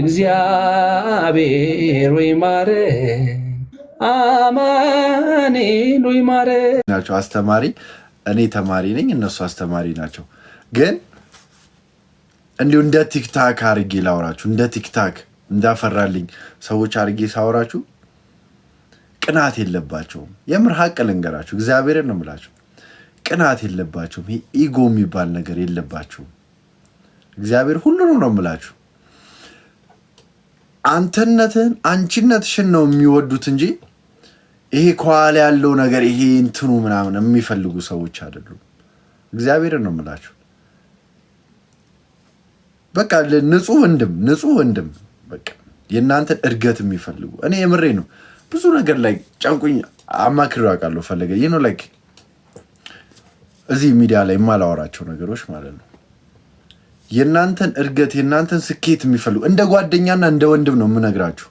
እግዚአብሔር ወይ ማረን፣ ወይ ናቸው። አስተማሪ እኔ ተማሪ ነኝ፣ እነሱ አስተማሪ ናቸው። ግን እንዲሁ እንደ ቲክታክ አርጌ ላውራችሁ፣ እንደ ቲክታክ እንዳፈራልኝ ሰዎች አርጌ ሳውራችሁ ቅናት የለባቸውም። የምር ሀቅ ልንገራችሁ፣ እግዚአብሔርን ነው የምላችሁ። ቅናት የለባቸውም። ኢጎ የሚባል ነገር የለባቸውም። እግዚአብሔር ሁሉንም ነው የምላችሁ። አንተነትህን አንቺነትሽን ነው የሚወዱት እንጂ ይሄ ከኋላ ያለው ነገር ይሄ እንትኑ ምናምን የሚፈልጉ ሰዎች አይደሉም። እግዚአብሔርን ነው የምላችሁ። በቃ ንጹህ ወንድም ንጹህ ወንድም በቃ የእናንተን እድገት የሚፈልጉ እኔ የምሬ ነው። ብዙ ነገር ላይ ጨንቁኝ አማክሪ አውቃለሁ ፈለገ ይህ ነው ላይክ እዚህ ሚዲያ ላይ የማላወራቸው ነገሮች ማለት ነው የእናንተን እድገት የእናንተን ስኬት የሚፈልጉ እንደ ጓደኛና እንደ ወንድም ነው የምነግራችሁ።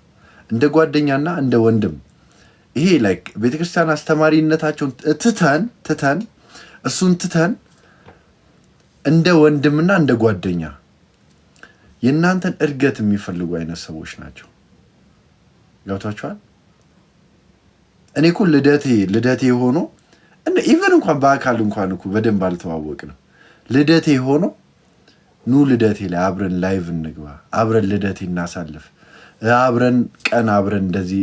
እንደ ጓደኛና እንደ ወንድም ይሄ ላይክ ቤተክርስቲያን አስተማሪነታቸውን ትተን ትተን እሱን ትተን እንደ ወንድምና እንደ ጓደኛ የእናንተን እድገት የሚፈልጉ አይነት ሰዎች ናቸው። ገብቷችኋል? እኔ እኮ ልደቴ ልደቴ ሆኖ ኢቨን እንኳን በአካል እንኳን እኮ በደንብ አልተዋወቅንም። ልደቴ ሆኖ ኑ ልደቴ ላይ አብረን ላይቭ እንግባ፣ አብረን ልደቴ እናሳልፍ፣ አብረን ቀን አብረን እንደዚህ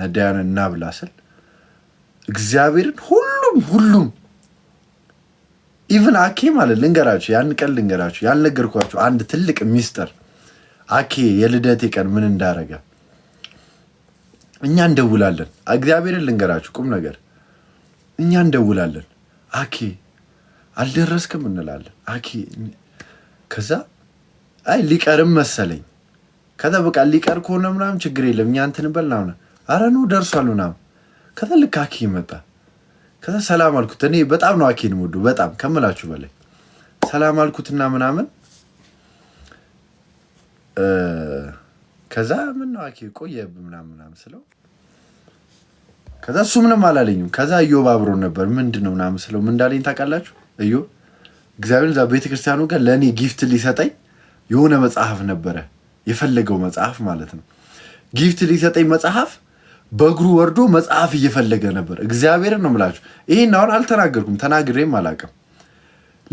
ነዳያን እናብላ ስል እግዚአብሔርን ሁሉም ሁሉም ኢቭን አኬ ማለት ልንገራችሁ፣ ያን ቀን ልንገራችሁ፣ ያልነገርኳችሁ አንድ ትልቅ ሚስጥር አኬ የልደቴ ቀን ምን እንዳረገ እኛ እንደውላለን። እግዚአብሔርን ልንገራችሁ ቁም ነገር እኛ እንደውላለን አኬ አልደረስክም እንላለን። አኪ ከዛ አይ ሊቀርም መሰለኝ ከዛ በቃ ሊቀር ከሆነ ምናምን ችግር የለም እኛ እንትን በል ናሆነ አረ ኑ ደርሷል ምናምን ከዛ ልክ አኪ ይመጣ ከዛ ሰላም አልኩት። እኔ በጣም ነው አኬን ወዱ በጣም ከምላችሁ በላይ ሰላም አልኩትና ምናምን ከዛ ምን ነው አኪ ቆየ ምናምን ምናምን ስለው ከዛ እሱ ምንም አላለኝም። ከዛ እዮብ አብሮን ነበር ምንድን ነው ምናምን ስለው ምን እንዳለኝ ታውቃላችሁ? እዩ እግዚአብሔር እዛ ቤተክርስቲያኑ ጋር ለእኔ ጊፍት ሊሰጠኝ የሆነ መጽሐፍ ነበረ የፈለገው መጽሐፍ ማለት ነው። ጊፍት ሊሰጠኝ መጽሐፍ በእግሩ ወርዶ መጽሐፍ እየፈለገ ነበር። እግዚአብሔርን ነው የምላችሁ። ይህን አሁን አልተናገርኩም፣ ተናግሬም አላውቅም።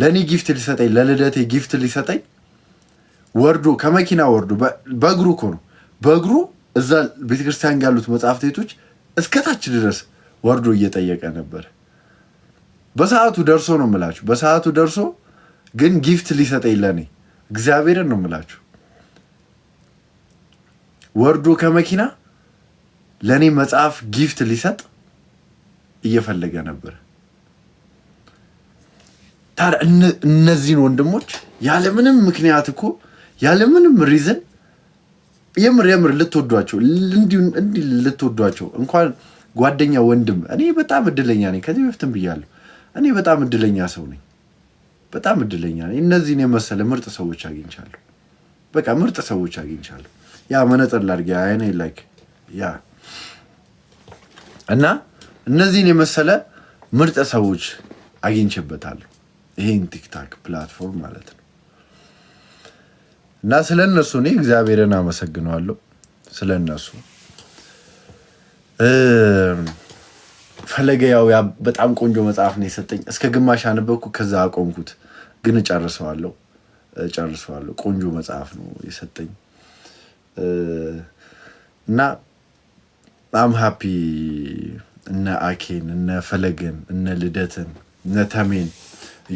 ለእኔ ጊፍት ሊሰጠኝ ለልደቴ ጊፍት ሊሰጠኝ ወርዶ ከመኪና ወርዶ በእግሩ እኮ ነው በእግሩ እዛ ቤተክርስቲያን ያሉት መጽሐፍ ቤቶች እስከታች ድረስ ወርዶ እየጠየቀ ነበር። በሰዓቱ ደርሶ ነው የምላችሁ። በሰዓቱ ደርሶ ግን ጊፍት ሊሰጠኝ ለእኔ እግዚአብሔርን ነው የምላችሁ ወርዶ ከመኪና ለእኔ መጽሐፍ ጊፍት ሊሰጥ እየፈለገ ነበር። ታዲያ እነዚህን ወንድሞች ያለምንም ምክንያት እኮ ያለምንም ሪዝን የምር የምር ልትወዷቸው እንዲህ ልትወዷቸው እንኳን ጓደኛ ወንድም እኔ በጣም እድለኛ ነኝ። ከዚህ በፊትም ብያለሁ እኔ በጣም እድለኛ ሰው ነኝ። በጣም እድለኛ ነኝ። እነዚህን የመሰለ ምርጥ ሰዎች አግኝቻለሁ። በቃ ምርጥ ሰዎች አግኝቻለሁ። ያ መነጠር ላድርግ አይኔ ላይክ ያ እና እነዚህን የመሰለ ምርጥ ሰዎች አግኝቼበታለሁ። ይሄን ቲክታክ ፕላትፎርም ማለት ነው። እና ስለ እነሱ እኔ እግዚአብሔርን አመሰግነዋለሁ። ስለ እነሱ ፈለገ ያው በጣም ቆንጆ መጽሐፍ ነው የሰጠኝ። እስከ ግማሽ አነበብኩ፣ ከዛ አቆምኩት፣ ግን እጨርሰዋለሁ እጨርሰዋለሁ። ቆንጆ መጽሐፍ ነው የሰጠኝ እና በጣም ሀፒ እነ አኬን እነ ፈለገን እነ ልደትን እነ ተሜን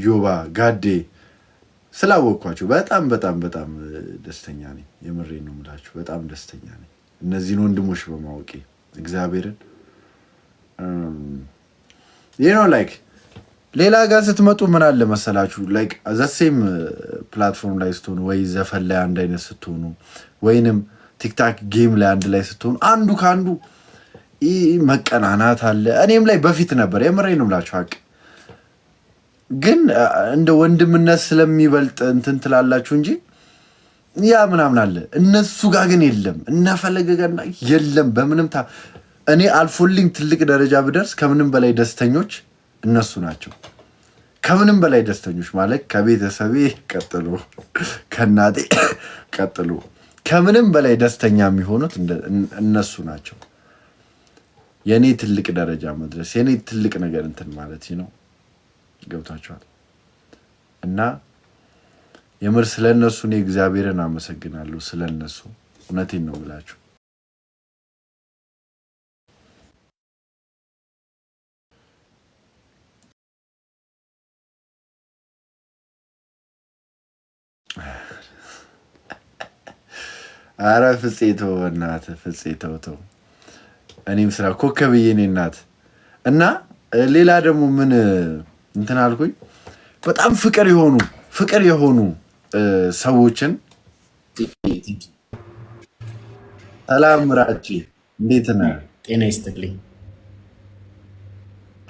ዮባ ጋዴ ስላወቅኳቸው በጣም በጣም በጣም ደስተኛ ነኝ። የምሬ ነው የምላችሁ፣ በጣም ደስተኛ ነኝ እነዚህን ወንድሞች በማወቄ እግዚአብሔርን ዩኖ um, ላይክ ሌላ ጋር ስትመጡ ምን አለ መሰላችሁ ላይክ ዘሴም ፕላትፎርም ላይ ስትሆኑ ወይ ዘፈን ላይ አንድ አይነት ስትሆኑ ወይንም ቲክታክ ጌም ላይ አንድ ላይ ስትሆኑ አንዱ ከአንዱ መቀናናት አለ። እኔም ላይ በፊት ነበር የምሬ ነው ምላችሁ ሀቅ ግን uh, እንደ ወንድምነት ስለሚበልጥ እንትን ትላላችሁ እንጂ ያ ምናምን አለ። እነሱ ጋር ግን የለም። እነፈለገ ጋር የለም በምንም ታ እኔ አልፎልኝ ትልቅ ደረጃ ብደርስ ከምንም በላይ ደስተኞች እነሱ ናቸው። ከምንም በላይ ደስተኞች ማለት ከቤተሰቤ ቀጥሎ ከእናቴ ቀጥሎ ከምንም በላይ ደስተኛ የሚሆኑት እነሱ ናቸው። የእኔ ትልቅ ደረጃ መድረስ የእኔ ትልቅ ነገር እንትን ማለት ነው። ገብታችኋል? እና የምር ስለ እነሱ እኔ እግዚአብሔርን አመሰግናለሁ። ስለ እነሱ እውነቴን ነው ብላችሁ አረ ፍፄ ተው በእናትህ ፍፄ ተው ተው። እኔም ስራ ኮከብዬ እኔ እናት እና ሌላ ደግሞ ምን እንትን አልኩኝ። በጣም ፍቅር የሆኑ ፍቅር የሆኑ ሰዎችን ሰላም ራቼ እንዴት ነ? ጤና ይስጥልኝ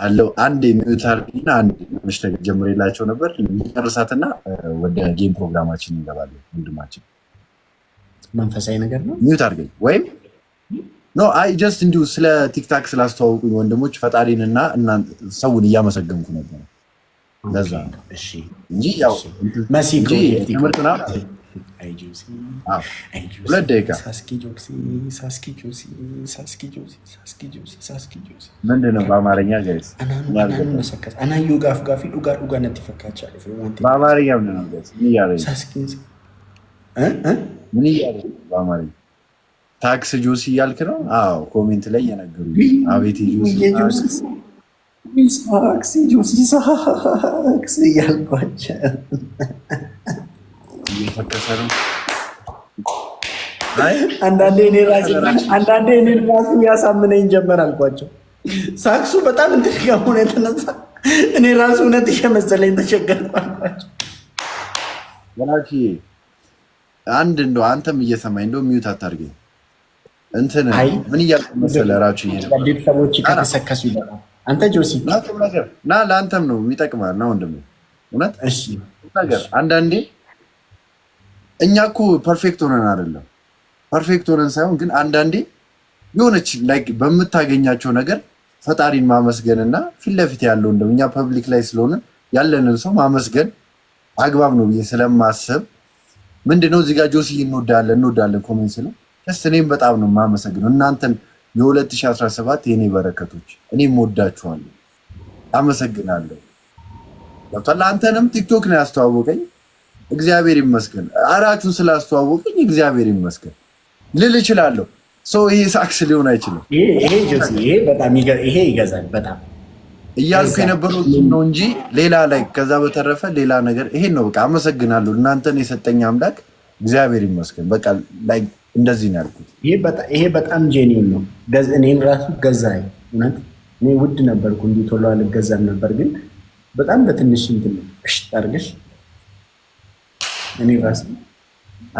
አለው። አንድ የሚዩታር አድርጊና አንድ ምሽት ጀምሬላቸው ነበር። ጨርሳትና ወደ ጌም ፕሮግራማችን እንገባለን ወንድማችን መንፈሳዊ ነገር ነው። ሚዩት አድርገኝ ወይም ኖ አይ ጀስት እንዲሁ ስለ ቲክታክ ስላስተዋውቁኝ ወንድሞች ፈጣሪንና ሰውን እያመሰገንኩ ነበር። ለዛ እንጂ ያው ትምህርት ና ሁለት ደቂቃ ምንድን ነው በአማርኛ ጋይስ? በአማርኛ ምንድን ነው ጋይስ? ምን እያሉ ታክስ ጁስ እያልክ ነው? አዎ፣ ኮሜንት ላይ እየነገሩ አቤት ጁስ እያልኳቸው አንዳንዴ እኔን ራሱ ያሳምነኝ ጀመር አልኳቸው። ሳክሱ በጣም እንድጋሆነ የተነሳ እኔ ራሱ እውነት እየመሰለኝ ተቸገርኩ አልኳቸው። አንድ እንደ አንተም እየሰማኝ እንደ ሚዩት አታድርገኝ። እንትን ምን እያልኩ መሰለህ ራሱ ቤተሰቦች ከተሰከሱ ይበላል። አንተ ጆሲ ና ለአንተም ነው የሚጠቅማል። ና ወንድም እውነት ነገር አንዳንዴ እኛ እኮ ፐርፌክት ሆነን አይደለም ፐርፌክት ሆነን ሳይሆን ግን አንዳንዴ የሆነች ላይክ በምታገኛቸው ነገር ፈጣሪን ማመስገን እና ፊት ለፊት ያለውን እኛ ፐብሊክ ላይ ስለሆነ ያለንን ሰው ማመስገን አግባብ ነው ብዬ ስለማስብ ምንድነው ነው እዚጋ ጆሲ እንወዳለን እንወዳለን ኮሜንት ስለ ደስ እኔም በጣም ነው የማመሰግነው እናንተን የ2017 የእኔ በረከቶች እኔም ወዳችኋለሁ፣ አመሰግናለሁ። ገብቷል። አንተንም ቲክቶክ ነው ያስተዋወቀኝ እግዚአብሔር ይመስገን። አራቹን ስላስተዋወቀኝ እግዚአብሔር ይመስገን ልል እችላለሁ። ሰው ይሄ ሳክስ ሊሆን አይችልም። ይሄ ይገዛል በጣም እያልኩ የነበረው ነው እንጂ ሌላ ላይ ከዛ በተረፈ ሌላ ነገር ይሄን ነው። በቃ አመሰግናለሁ እናንተን የሰጠኝ አምላክ እግዚአብሔር ይመስገን። በቃ ላይ እንደዚህ ነው ያልኩት። ይሄ በጣም ጄኒን ነው። እኔም ራሱ ገዛ እውነት እኔ ውድ ነበርኩ እንዲህ ቶሎ አልገዛም ነበር፣ ግን በጣም በትንሽ እንትን እሽጥ ጠርግሽ እኔ ራሱ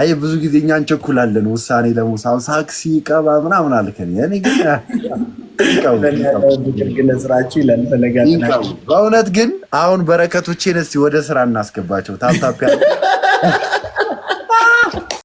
አይ ብዙ ጊዜ እኛ እንቸኩላለን ውሳኔ ለመውሰድ ሳክሲ ቀባ ምናምን አልከን እኔ ግን በእውነት ግን አሁን በረከቶቼን እስኪ ወደ ስራ እናስገባቸው ታፕታፕ